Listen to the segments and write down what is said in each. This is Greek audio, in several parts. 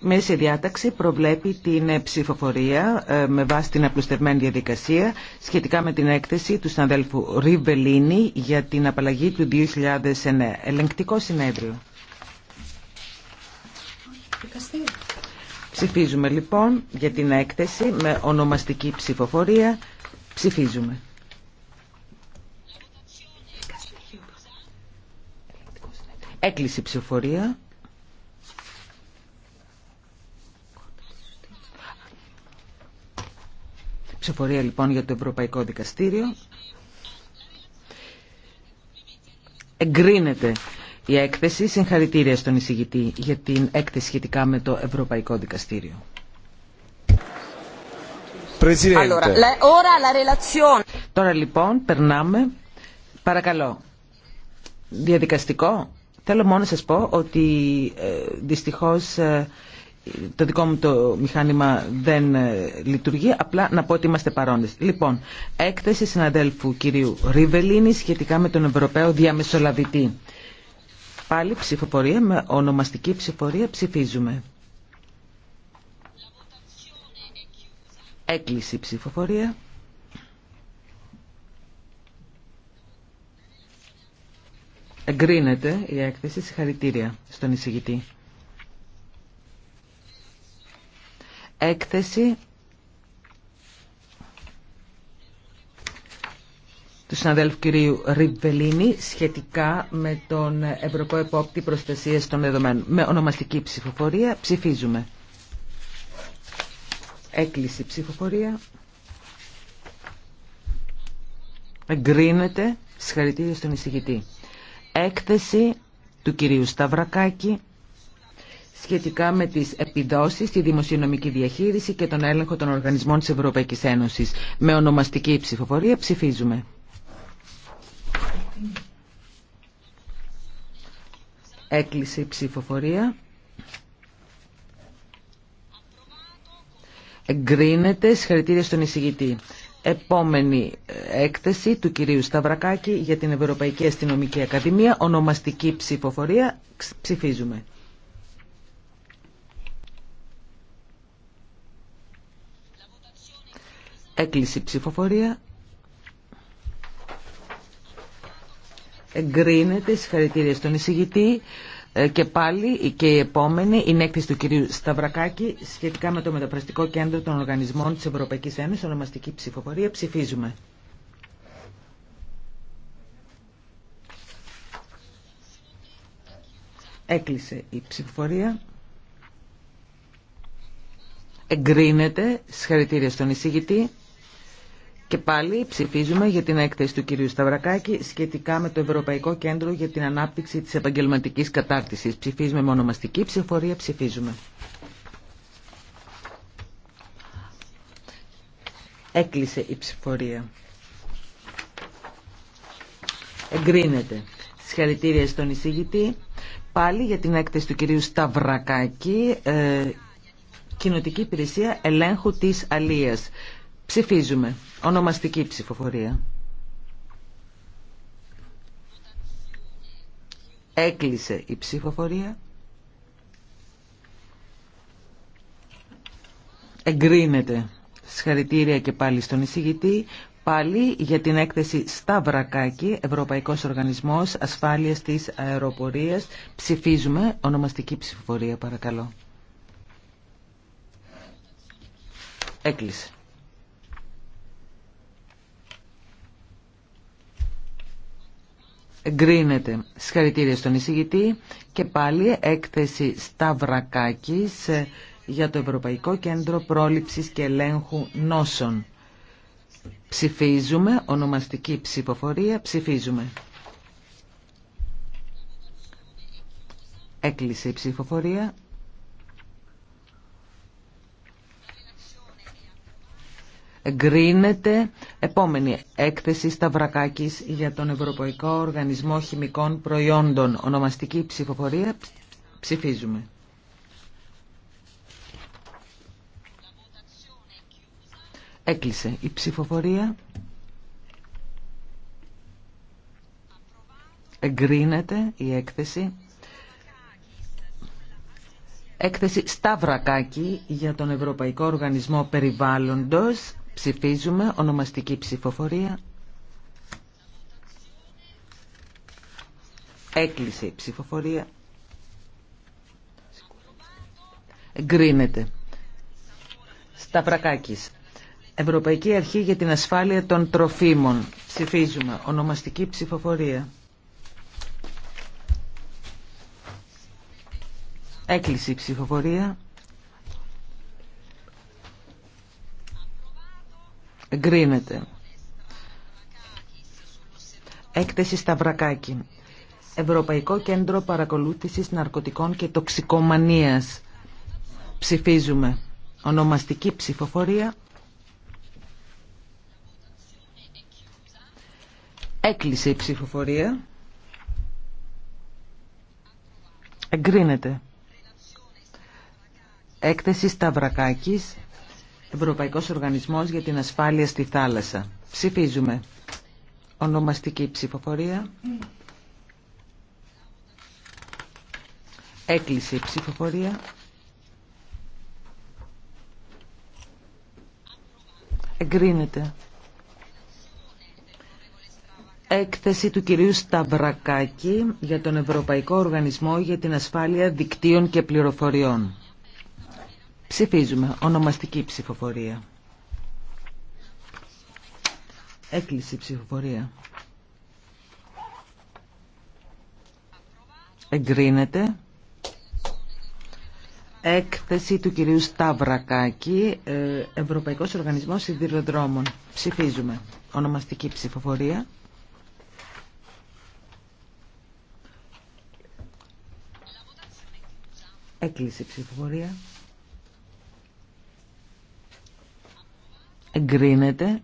μέση διάταξη προβλέπει την ε, ψηφοφορία ε, με βάση την απλουστευμένη διαδικασία σχετικά με την έκθεση του συναδέλφου Ριβελίνη για την απαλλαγή του 2009. Ελεγκτικό συνέδριο. Ψηφίζουμε λοιπόν για την έκθεση με ονομαστική ψηφοφορία. Ψηφίζουμε. Έκλεισε ψηφοφορία. ψηφορία λοιπόν για το Ευρωπαϊκό Δικαστήριο. Εγκρίνεται η έκθεση. Συγχαρητήρια στον εισηγητή για την έκθεση σχετικά με το Ευρωπαϊκό Δικαστήριο. Τώρα λοιπόν περνάμε. Παρακαλώ. Διαδικαστικό. Θέλω μόνο να σας πω ότι ε, δυστυχώς ε, το δικό μου το μηχάνημα δεν ε, λειτουργεί, απλά να πω ότι είμαστε παρόντες. Λοιπόν, έκθεση συναδέλφου κυρίου Ριβελίνη σχετικά με τον Ευρωπαίο Διαμεσολαβητή. Πάλι ψηφοφορία με ονομαστική ψηφοφορία ψηφίζουμε. Έκλεισε ψηφοφορία. Εγκρίνεται η έκθεση. Συγχαρητήρια στον εισηγητή. έκθεση του συναδέλφου κυρίου Ριβελίνη σχετικά με τον Ευρωπαϊκό Επόπτη Προστασίας των Δεδομένων. Με ονομαστική ψηφοφορία ψηφίζουμε. Έκλειση ψηφοφορία. Εγκρίνεται. Συγχαρητήρια στον εισηγητή. Έκθεση του κυρίου Σταυρακάκη σχετικά με τις επιδόσεις, τη δημοσιονομική διαχείριση και τον έλεγχο των οργανισμών της Ευρωπαϊκής Ένωσης. Με ονομαστική ψηφοφορία ψηφίζουμε. Έκλεισε η ψηφοφορία. Εγκρίνεται συγχαρητήρια στον εισηγητή. Επόμενη ε, έκθεση του κυρίου Σταυρακάκη για την Ευρωπαϊκή Αστυνομική Ακαδημία. Ονομαστική ψηφοφορία. Ψηφίζουμε. Έκλεισε η ψηφοφορία. Εγκρίνεται συγχαρητήρια στον εισηγητή ε, και πάλι και η επόμενη είναι έκθεση του κυρίου Σταυρακάκη σχετικά με το Μεταπραστικό Κέντρο των Οργανισμών της Ευρωπαϊκής Ένωσης, ονομαστική ψηφοφορία. Ψηφίζουμε. Έκλεισε η ψηφοφορία. Εγκρίνεται. Συγχαρητήρια στον εισηγητή. Και πάλι ψηφίζουμε για την έκθεση του κυρίου Σταυρακάκη σχετικά με το Ευρωπαϊκό Κέντρο για την Ανάπτυξη της Επαγγελματικής Κατάρτισης. Ψηφίζουμε με ονομαστική ψηφορία, ψηφίζουμε. Έκλεισε η ψηφορία. Εγκρίνεται. Συγχαρητήρια στον εισηγητή. Πάλι για την έκθεση του κυρίου Σταυρακάκη, ε, Κοινοτική Υπηρεσία Ελέγχου της Αλίας. Ψηφίζουμε. Ονομαστική ψηφοφορία. Έκλεισε η ψηφοφορία. Εγκρίνεται. Συγχαρητήρια και πάλι στον εισηγητή. Πάλι για την έκθεση Σταυρακάκη, Ευρωπαϊκός Οργανισμός Ασφάλειας της Αεροπορίας. Ψηφίζουμε. Ονομαστική ψηφοφορία, παρακαλώ. Έκλεισε. Εγκρίνεται. Συγχαρητήρια στον εισηγητή και πάλι έκθεση Σταυρακάκης ε, για το Ευρωπαϊκό Κέντρο Πρόληψης και Ελέγχου Νόσων. Ψηφίζουμε, ονομαστική ψηφοφορία, ψηφίζουμε. Έκλεισε η ψηφοφορία. Εγκρίνεται Επόμενη έκθεση Σταυρακάκης για τον Ευρωπαϊκό Οργανισμό Χημικών Προϊόντων. Ονομαστική ψηφοφορία. Ψηφίζουμε. Έκλεισε η ψηφοφορία. Εγκρίνεται η έκθεση. Έκθεση Σταυρακάκη για τον Ευρωπαϊκό Οργανισμό Περιβάλλοντος. Ψηφίζουμε ονομαστική ψηφοφορία. Έκλεισε η ψηφοφορία. Εγκρίνεται. Σταυρακάκης. Ευρωπαϊκή Αρχή για την Ασφάλεια των Τροφίμων. Ψηφίζουμε. Ονομαστική ψηφοφορία. Έκλεισε η ψηφοφορία. Εγκρίνεται. Έκθεση Σταυρακάκη. Ευρωπαϊκό Κέντρο Παρακολούθησης Ναρκωτικών και Τοξικομανίας. Ψηφίζουμε. Ονομαστική ψηφοφορία. Έκλεισε η ψηφοφορία. Εγκρίνεται. Έκθεση Σταυρακάκης. Ευρωπαϊκός Οργανισμός για την Ασφάλεια στη Θάλασσα. Ψηφίζουμε. Ονομαστική ψηφοφορία. Έκλεισε η ψηφοφορία. Εγκρίνεται. Έκθεση του κυρίου Σταυρακάκη για τον Ευρωπαϊκό Οργανισμό για την Ασφάλεια Δικτύων και Πληροφοριών. Ψηφίζουμε. Ονομαστική ψηφοφορία. Έκλεισε η ψηφοφορία. Εγκρίνεται. Έκθεση του κυρίου Σταυρακάκη, ε, Ευρωπαϊκός Οργανισμός Σιδηροδρόμων. Ψηφίζουμε. Ονομαστική ψηφοφορία. Έκλεισε η ψηφοφορία. εγκρίνεται.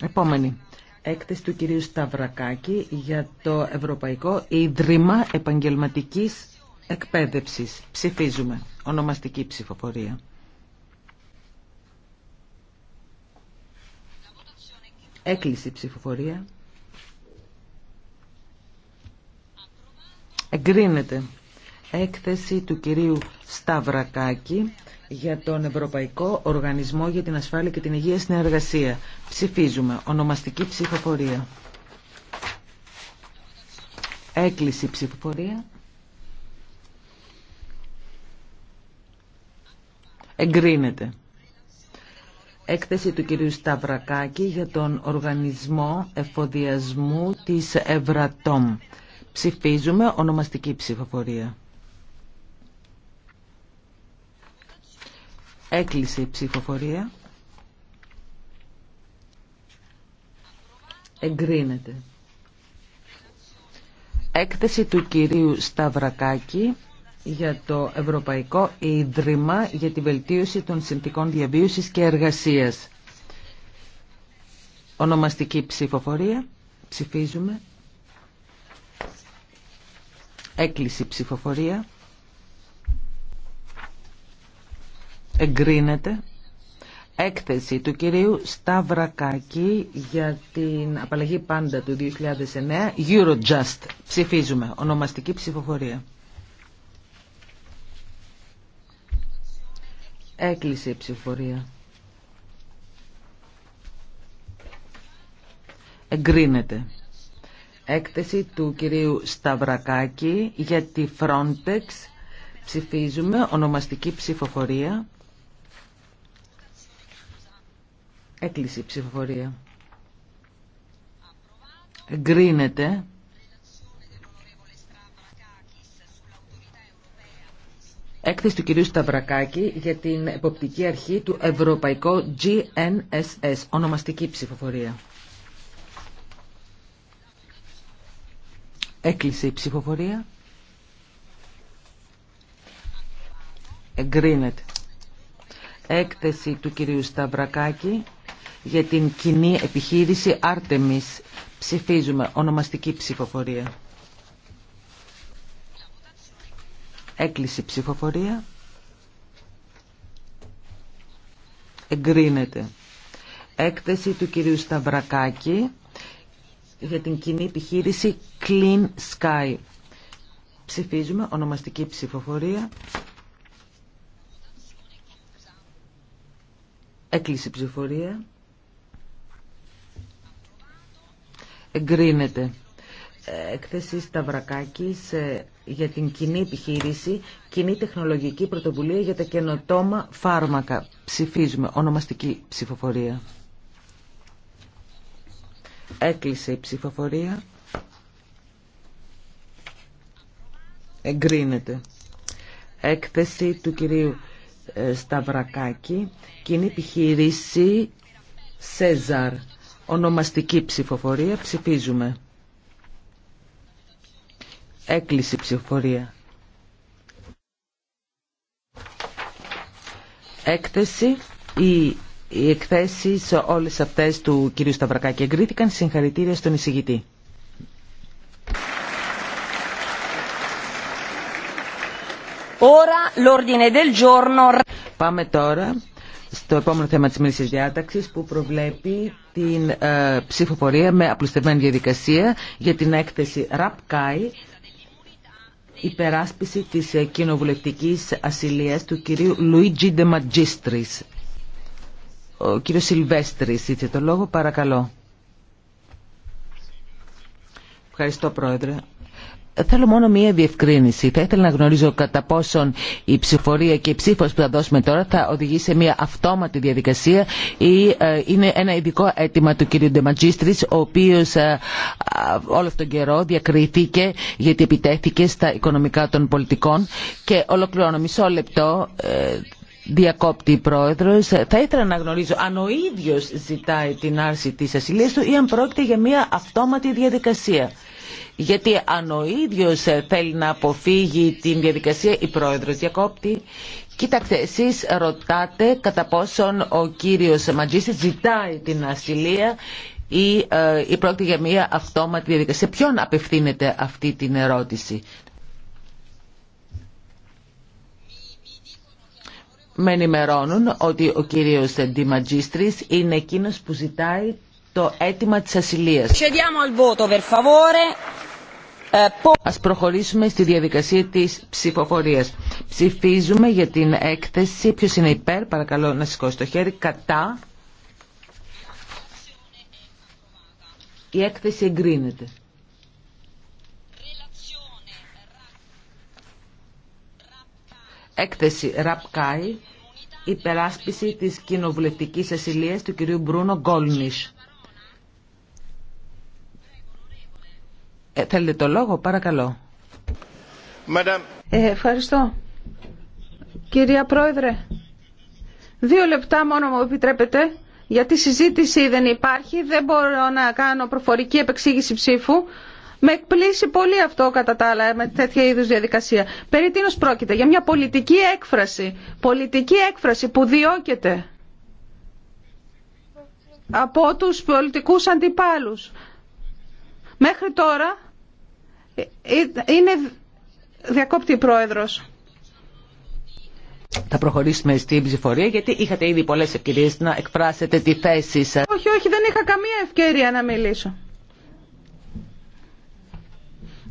Επόμενη. Έκθεση του κυρίου Σταυρακάκη για το Ευρωπαϊκό Ίδρυμα Επαγγελματικής Εκπαίδευσης. Ψηφίζουμε. Ονομαστική ψηφοφορία. Έκλειση ψηφοφορία. Εγκρίνεται έκθεση του κυρίου Σταυρακάκη για τον Ευρωπαϊκό Οργανισμό για την Ασφάλεια και την Υγεία στην Εργασία. Ψηφίζουμε. Ονομαστική ψηφοφορία. Έκλειση ψηφοφορία. Εγκρίνεται. Έκθεση του κυρίου Σταυρακάκη για τον Οργανισμό Εφοδιασμού της Ευρατόμ. Ψηφίζουμε ονομαστική ψηφοφορία. Έκλεισε η ψηφοφορία. Εγκρίνεται. Έκθεση του κυρίου Σταυρακάκη για το Ευρωπαϊκό Ίδρυμα για τη βελτίωση των συνθηκών διαβίωσης και εργασίας. Ονομαστική ψηφοφορία. Ψηφίζουμε. Έκλεισε η ψηφοφορία. εγκρίνεται έκθεση του κυρίου Σταυρακάκη για την απαλλαγή πάντα του 2009 Eurojust. Ψηφίζουμε. Ονομαστική ψηφοφορία. Έκλεισε η ψηφοφορία. Εγκρίνεται. Έκθεση του κυρίου Σταυρακάκη για τη Frontex. Ψηφίζουμε ονομαστική ψηφοφορία. Έκλεισε η ψηφοφορία. Εγκρίνεται. Έκθεση του κυρίου Σταυρακάκη για την εποπτική αρχή του Ευρωπαϊκό GNSS, ονομαστική ψηφοφορία. Έκλεισε η ψηφοφορία. Εγκρίνεται. Έκθεση του κυρίου Σταυρακάκη για την κοινή επιχείρηση άρτεμις Ψηφίζουμε ονομαστική ψηφοφορία. Έκλειση ψηφοφορία. Εγκρίνεται. Έκθεση του κυρίου Σταυρακάκη για την κοινή επιχείρηση Clean Sky. Ψηφίζουμε ονομαστική ψηφοφορία. Έκλειση ψηφοφορία. εγκρίνεται. Έκθεση ε, Σταυρακάκη ε, για την κοινή επιχείρηση, κοινή τεχνολογική πρωτοβουλία για τα καινοτόμα φάρμακα. Ψηφίζουμε. Ονομαστική ψηφοφορία. Έκλεισε η ψηφοφορία. Εγκρίνεται. Έκθεση του κυρίου ε, Σταυρακάκη, κοινή επιχείρηση Σέζαρ Ονομαστική ψηφοφορία. Ψηφίζουμε. Έκλειση ψηφοφορία. Έκθεση. Οι, οι εκθέσεις όλες αυτές του κ. Σταυρακάκη εγκρίθηκαν. Συγχαρητήρια στον εισηγητή. Ora, del giorno... Πάμε τώρα στο επόμενο θέμα της μίλησης διάταξης που προβλέπει την ε, ψηφοφορία με απλουστευμένη διαδικασία για την έκθεση ΡΑΠΚΑΙ υπεράσπιση της ε, κοινοβουλευτικής ασυλίας του κυρίου Λουίτζι Ντεματζίστρης. Ο κύριος Σιλβέστρης, είτε το λόγο, παρακαλώ. Ευχαριστώ, Πρόεδρε. Θέλω μόνο μία διευκρίνηση. Θα ήθελα να γνωρίζω κατά πόσον η ψηφορία και η ψήφος που θα δώσουμε τώρα θα οδηγεί σε μία αυτόματη διαδικασία ή ε, είναι ένα ειδικό αίτημα του κ. Ντεματζίστρης ο οποίος ε, όλο αυτόν τον καιρό διακρίθηκε γιατί επιτέθηκε στα οικονομικά των πολιτικών και ολοκληρώνω μισό λεπτό ε, διακόπτη η πρόεδρος. Θα ήθελα να γνωρίζω αν ο ίδιος ζητάει την άρση της ασυλίας του ή αν πρόκειται για μία αυτόματη διαδικασία. Γιατί αν ο ίδιος ε, θέλει να αποφύγει την διαδικασία, η πρόεδρος διακόπτη, Κοίταξτε, εσείς ρωτάτε κατά πόσον ο κύριος Μαντζίστης ζητάει την ασυλία ή η ε, πρόκειται για μια αυτόματη διαδικασία. ποιον απευθύνεται αυτή την ερώτηση. Με ενημερώνουν ότι ο κύριος Ματζίστρης είναι εκείνος που ζητάει το αίτημα της ασυλίας. Ε, Ας προχωρήσουμε στη διαδικασία της ψηφοφορίας. Ψηφίζουμε για την έκθεση. Ποιο είναι υπέρ, παρακαλώ να σηκώσει το χέρι. Κατά. Η έκθεση εγκρίνεται. Έκθεση Ραπκάι, υπεράσπιση της κοινοβουλευτικής ασυλίας του κυρίου Μπρούνο Γκόλνης. Ε, θέλετε το λόγο, παρακαλώ. Ε, ευχαριστώ. Κυρία Πρόεδρε, δύο λεπτά μόνο μου επιτρέπετε. Γιατί συζήτηση δεν υπάρχει, δεν μπορώ να κάνω προφορική επεξήγηση ψήφου. Με εκπλήσει πολύ αυτό κατά τα άλλα ε, με τέτοια είδους διαδικασία. Περί τίνος πρόκειται για μια πολιτική έκφραση, πολιτική έκφραση που διώκεται από τους πολιτικούς αντιπάλους Μέχρι τώρα ε, είναι διακόπτη η πρόεδρος. Θα προχωρήσουμε στην ψηφορία γιατί είχατε ήδη πολλές ευκαιρίες να εκφράσετε τη θέση σας. Όχι, όχι, δεν είχα καμία ευκαιρία να μιλήσω.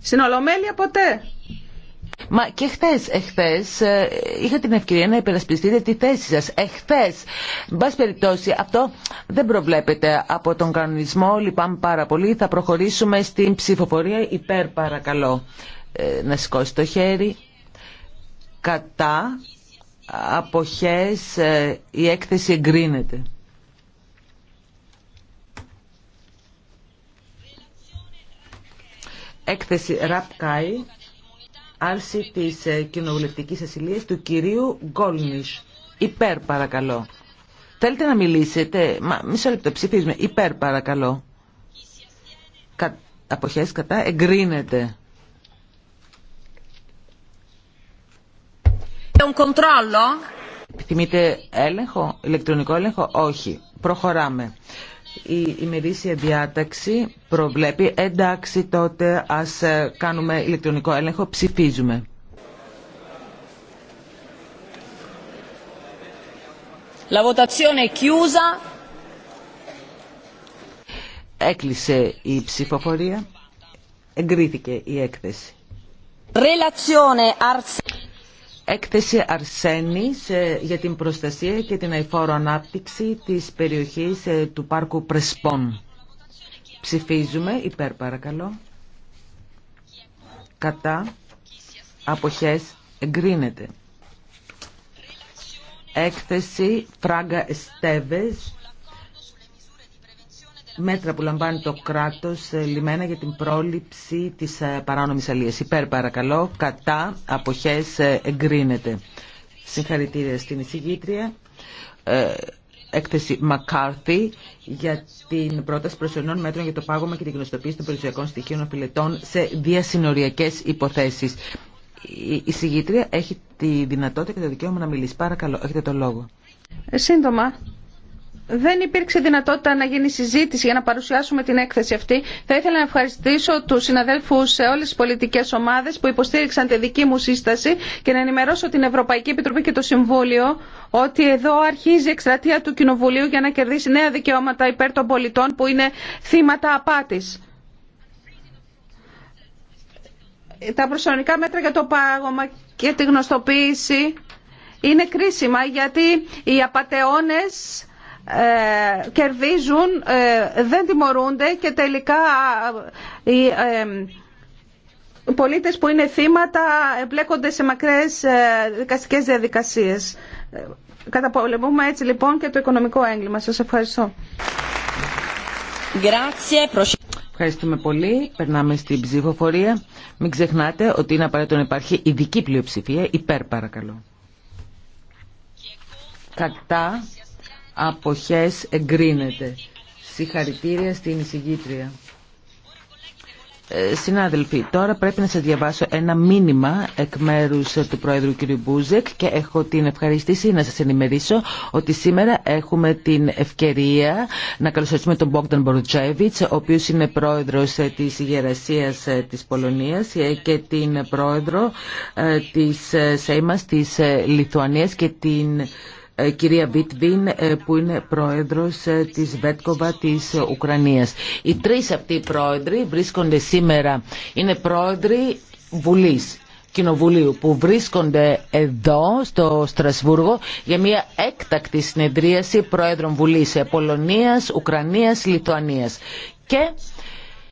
Στην Ολομέλεια ποτέ. Μα και χθε, εχθέ, ε, είχα την ευκαιρία να υπερασπιστείτε τη θέση σα. Εχθέ, εν πάση αυτό δεν προβλέπεται από τον κανονισμό. Λυπάμαι πάρα πολύ. Θα προχωρήσουμε στην ψηφοφορία υπέρ, παρακαλώ. Ε, να σηκώσει το χέρι. Κατά αποχές ε, η έκθεση εγκρίνεται. Έκθεση Ραπκάι άρση της ε, κοινοβουλευτικής ασυλίας του κυρίου Γκόλνης. Υπέρ παρακαλώ. Θέλετε να μιλήσετε, μα μισό λεπτό ψηφίζουμε, υπέρ παρακαλώ. Κα, αποχές κατά, εγκρίνεται. Επιθυμείτε έλεγχο, ηλεκτρονικό έλεγχο, όχι. Προχωράμε η ημερήσια διάταξη προβλέπει. Εντάξει, τότε ας ε, κάνουμε ηλεκτρονικό έλεγχο. Ψηφίζουμε. La votazione è chiusa. Έκλεισε η ψηφοφορία. Εγκρίθηκε η έκθεση. Relazione έκθεση Αρσένης ε, για την προστασία και την αηφόρο ανάπτυξη της περιοχής ε, του πάρκου Πρεσπών. Ψηφίζουμε υπέρ παρακαλώ. Κατά αποχές εγκρίνεται. Έκθεση Φράγκα Εστέβες μέτρα που λαμβάνει το κράτος ε, λιμένα για την πρόληψη της ε, παράνομης αλίας. Υπέρ παρακαλώ, κατά αποχές ε, εγκρίνεται. Συγχαρητήρια στην εισηγήτρια. Έκθεση McCarthy για την πρόταση προσωρινών μέτρων για το πάγωμα και την γνωστοποίηση των περιουσιακών στοιχείων οφειλετών σε διασυνοριακές υποθέσεις. Η εισηγήτρια έχει τη δυνατότητα και το δικαίωμα να μιλήσει. Παρακαλώ, έχετε το λόγο. Σύντομα, δεν υπήρξε δυνατότητα να γίνει συζήτηση για να παρουσιάσουμε την έκθεση αυτή. Θα ήθελα να ευχαριστήσω του συναδέλφου σε όλε τι πολιτικέ ομάδε που υποστήριξαν τη δική μου σύσταση και να ενημερώσω την Ευρωπαϊκή Επιτροπή και το Συμβούλιο ότι εδώ αρχίζει η εκστρατεία του Κοινοβουλίου για να κερδίσει νέα δικαιώματα υπέρ των πολιτών που είναι θύματα απάτη. Τα προσωπικά μέτρα για το πάγωμα και τη γνωστοποίηση είναι κρίσιμα γιατί οι απαταιώνες ε, κερδίζουν, ε, δεν τιμωρούνται και τελικά ε, οι πολίτες που είναι θύματα εμπλέκονται σε μακρές δικαστικές διαδικασίες. Καταπολεμούμε έτσι λοιπόν και το οικονομικό έγκλημα. Σας ευχαριστώ. Ευχαριστούμε πολύ. Περνάμε στην ψηφοφορία. Μην ξεχνάτε ότι είναι απαραίτητο να υπάρχει ειδική πλειοψηφία. Υπέρ παρακαλώ. Κατά αποχές εγκρίνεται. Συγχαρητήρια στην εισηγήτρια. Ε, συνάδελφοι, τώρα πρέπει να σας διαβάσω ένα μήνυμα εκ μέρους του Πρόεδρου κ. Μπούζεκ και έχω την ευχαριστήση να σας ενημερίσω ότι σήμερα έχουμε την ευκαιρία να καλωσορίσουμε τον Μπόγκταν Μπορουτσέβιτς, ο οποίος είναι Πρόεδρος της Γερασίας της Πολωνίας ε, και την Πρόεδρο ε, της ΣΕΙΜΑΣ της Λιθουανίας και την ε, κυρία Βίτβιν ε, που είναι πρόεδρος ε, της Βέτκοβα της Ουκρανίας. Οι τρεις αυτοί πρόεδροι βρίσκονται σήμερα, είναι πρόεδροι Βουλής. Κοινοβουλίου που βρίσκονται εδώ στο Στρασβούργο για μια έκτακτη συνεδρίαση Πρόεδρων Βουλής Πολωνίας, Ουκρανίας, Λιτουανίας. Και